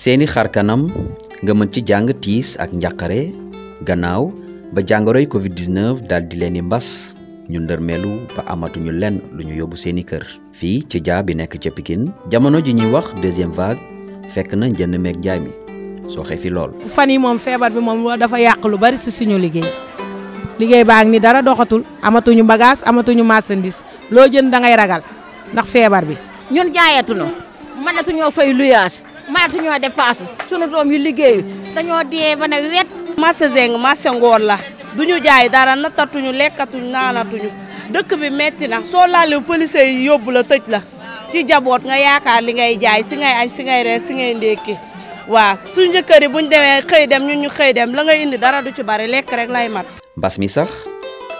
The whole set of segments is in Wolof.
Seni xarkanam nga mën ci jàng tiis ak njàqare gannaaw ba jàngoroy covid-19 dal di leen mbas ñu ndërmeelu ba amatuñu lenn lu ñu yóbbu seeni kër fii ci jaa bi nekk ca pikin jamono ji ñuy wax deuxième vague fekk na njënd meeg njaay mi soxe fi lool fan yi moom feebar bi moom dafa yàq lu bari si suñu liggéey liggéey baa ni dara doxatul amatuñu bagage amatuñu marchandise loo jënd da ngay ragal ndax feebar bi ñun jaayatunu mën na suñoo fay luyaas maatu ñoo dépassé sunu doom yu liggéeyu dañoo dee ba ne wet. marché Zeng marché Ngor la duñu jaay dara nattatuñu lekkatuñu naanatuñu dëkk bi metti na soo laalee police yi yóbbu tëj la ci jaboot nga yaakaar li ngay jaay si ngay añ si ngay reer si ngay ndékki waaw suñu jëkkër yi buñ demee xëy dem ñu ñu xëy dem la ngay indi dara du ci bari lekk rek lay mat. mbas mi sax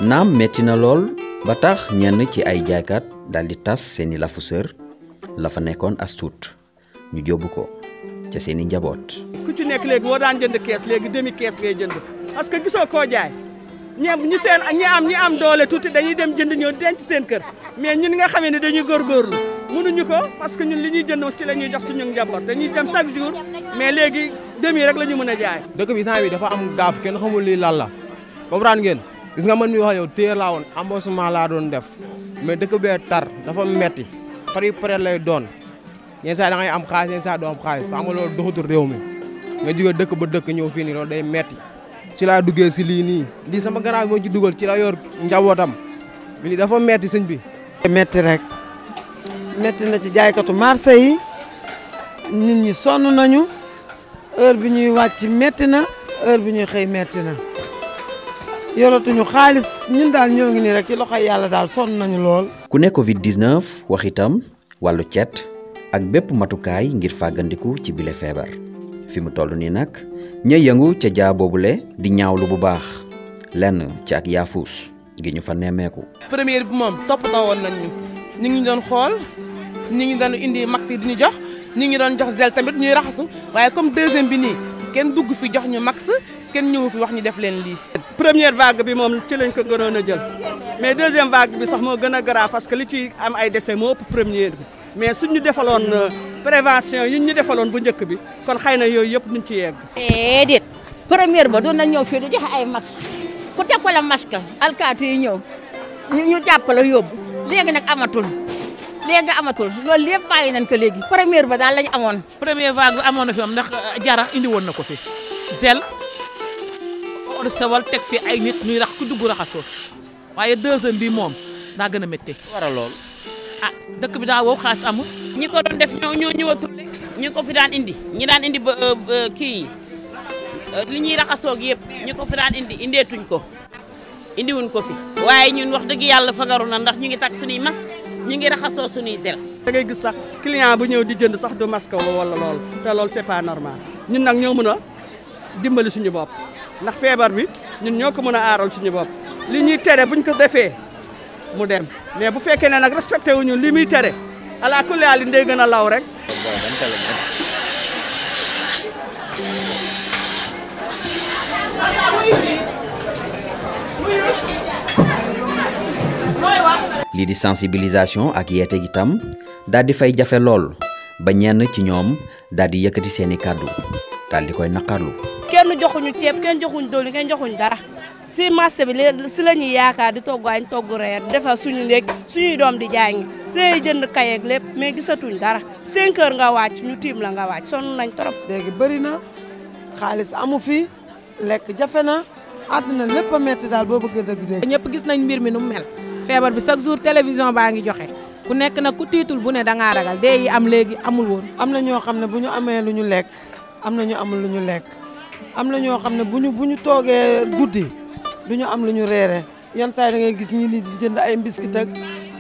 naam metti na lool ba tax ñenn ci ay jaaykat dal di tas seeni lafu sër la nekkoon as ñu jóbbu ko. ca seen i njaboot. ku ci nekk léegi boo daan jënd kees léegi demi kees gay jënd parce que gisoo koo jaay ñoom ñu seen ñi am ñi am doole tuuti dañuy dem jënd ñëw denc seen kër mais ñun nga xamee ne dañuy góorgóorlu mënuñu ko parce que ñun li ñuy jënd ci la ñuy jox suñu jaboot dañuy dem chaque jour mais léegi demi rek la ñu mën a jaay. dëkk bi saa yi dafa am gaaf kenn xamul lii lan la comprendre ngeen gis nga mën mi wax yow téer laa woon embossement laa doon def mais dëkk bee tar dafa metti par yu pare lay doon. yenn saa da ngay am xaalis yenn saa doo am xaalis te ama loolu doxatul réew mi nga jóge dëkk ba dëkk ñëw fii nii loolu day metti ci laa duggee si lii nii lii sama gannaaw ci ci la yor bi dafa metti sëñ bi metti rek metti na ci jaaykatu marché yi nit ñi sonn nañu heure bi ñuy metti na heure bi ñuy meti metti na yoratuñu xaalis ñun daal ñoo ngi nii rek ci loxoy yàlla daal sonn nañu lool ku ne covid 19 wax itam wàllu ak bépp matukaay ngir fàggandiku ci bile feebar fi mu toll nii nag ña yëngu ca jaa boobule di ñaawlu bu baax lenn ci ak yaafuus gi ñu fa nemmeeku. première bi moom toppatoo woon nañ ñu ngi doon xool ñu ngi doon indi max yi di ñu jox ñu ngi doon jox gel tamit ñuy raxasu waaye comme deuxième bi nii kenn dugg fi jox ñu max kenn ñëwu fi wax ñu def leen lii. première vague bi moom ci lañ ko gënoon a jël mais deuxième vague bi sax moo gën a grave parce que li ci am ay décès moo bi. mais suñ ñu defaloon euh, prévention yi ñu defaloon bu njëkk bi kon xëy na yooyu yëpp ñu ci yegg. déedéet première ba doon nañ ñëw fii di joxe ay masque ku teg ko la masque alkaati yi ñëw ñu ñu jàppale yóbbu léegi nag amatul. léegi amatul loolu lépp bàyyi nañ ko léegi première ba daal lañu amoon. première vague bi amoon na fi am ndax euh, jara indi woon na ko fi zel or sewal teg fi ay nit ñuy rax ku dugg raxasoo waaye deuxième bi moom daa gën a métti. war lool. dëkk bi daa wow xaalis amul. ñi ko doon def ñoo ñoo ñëwatul ñi ko fi daan indi ñi daan indi ba kii yi euh, li ñuy raxasoo ak yëpp ñi ko fi daan indi indeetuñ ko indi wuñ ko fi. waaye ñun wax dëgg yàlla fagaru na ndax ñu ngi takk suñuy mas ñu ngi raxasoo suñuy sel. da ngay gis sax client bu ñëw di jënd sax du ko wala lool te loolu c'est pas normal ñun nag ñoo mën a dimbali suñu bopp ndax feebar bi ñun ñoo ko mën a aaral suñu bopp li ñuy tere buñ ko defee. mu dem mais bu fekkee ne nag respecté wuñu li muy tere ala kulli aal day a law rek. lii di sensibilisation ak yeete itam daal di fay jafe lool ba ñenn ci ñoom daal di yëkkati seeni kàddu daal di koy naqarlu. kenn joxuñu ceeb kenn joxuñu doole dara. si marché bi si la ñuy yaakaar di togg añ togg reer defar suñu néeg suñuy doom di jàngi see jënd kayeeg lépp mais gisatuñ dara 5 heures nga wàcc ñu tiim la nga wàcc sonn nañ trop. léegi bëri na xaalis amu fi lekk jafe na àdduna lépp a metti daal boo bëggee dëgg ñëpp gis nañ mbir mi nu mel feebar bi chaque jour télévision baa ngi joxe ku nekk nag ku tiitul bu ne da ngaa ragal yi am léegi amul woon. am na ñoo xam ne bu ñu amee lu ñu lekk am na ñu amul lu ñu lekk am na ñoo xam ne bu ñu bu ñu toogee guddi. duñu am luñu réré yeen say da ngay gis ñii di jënd ay biscuit ak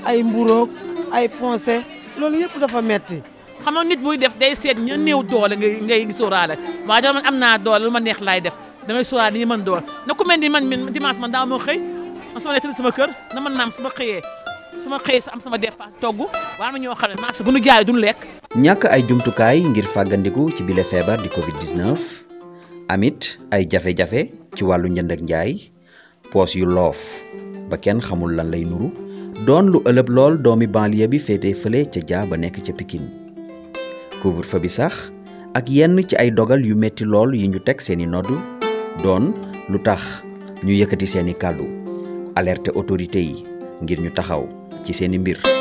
ay mburok ay poncé loolu yépp dafa metti xam nga nit buy def day sét ñe neew doole ngay ngay sóoraale waaye dama am naa doole luma neex lay def da ngay li ñu man doole na ku mel ni man min dimanche man da mo xey man sama lettre sama kër na man nam sama xeyé sama xey sa am sama dépense togu war ma ñoo xalé ma sa buñu jaay duñ lek ñàkk ay jumtukaay ngir fagandiku ci bile feebar di covid 19 amit ay jafe-jafe ci walu ñënd ak njaay poos yu loof ba kenn xamul lan lay nuru doon lu ëlëb lool doomi banlieue bi féete fële ca jaa ba nekk ca Pikine couvre fa bi sax ak yenn ci ay dogal yu metti lool yu ñu teg seeni nodd doon lu tax ñu yëkkati seeni kàddu alerte autorité yi ngir ñu taxaw ci seeni mbir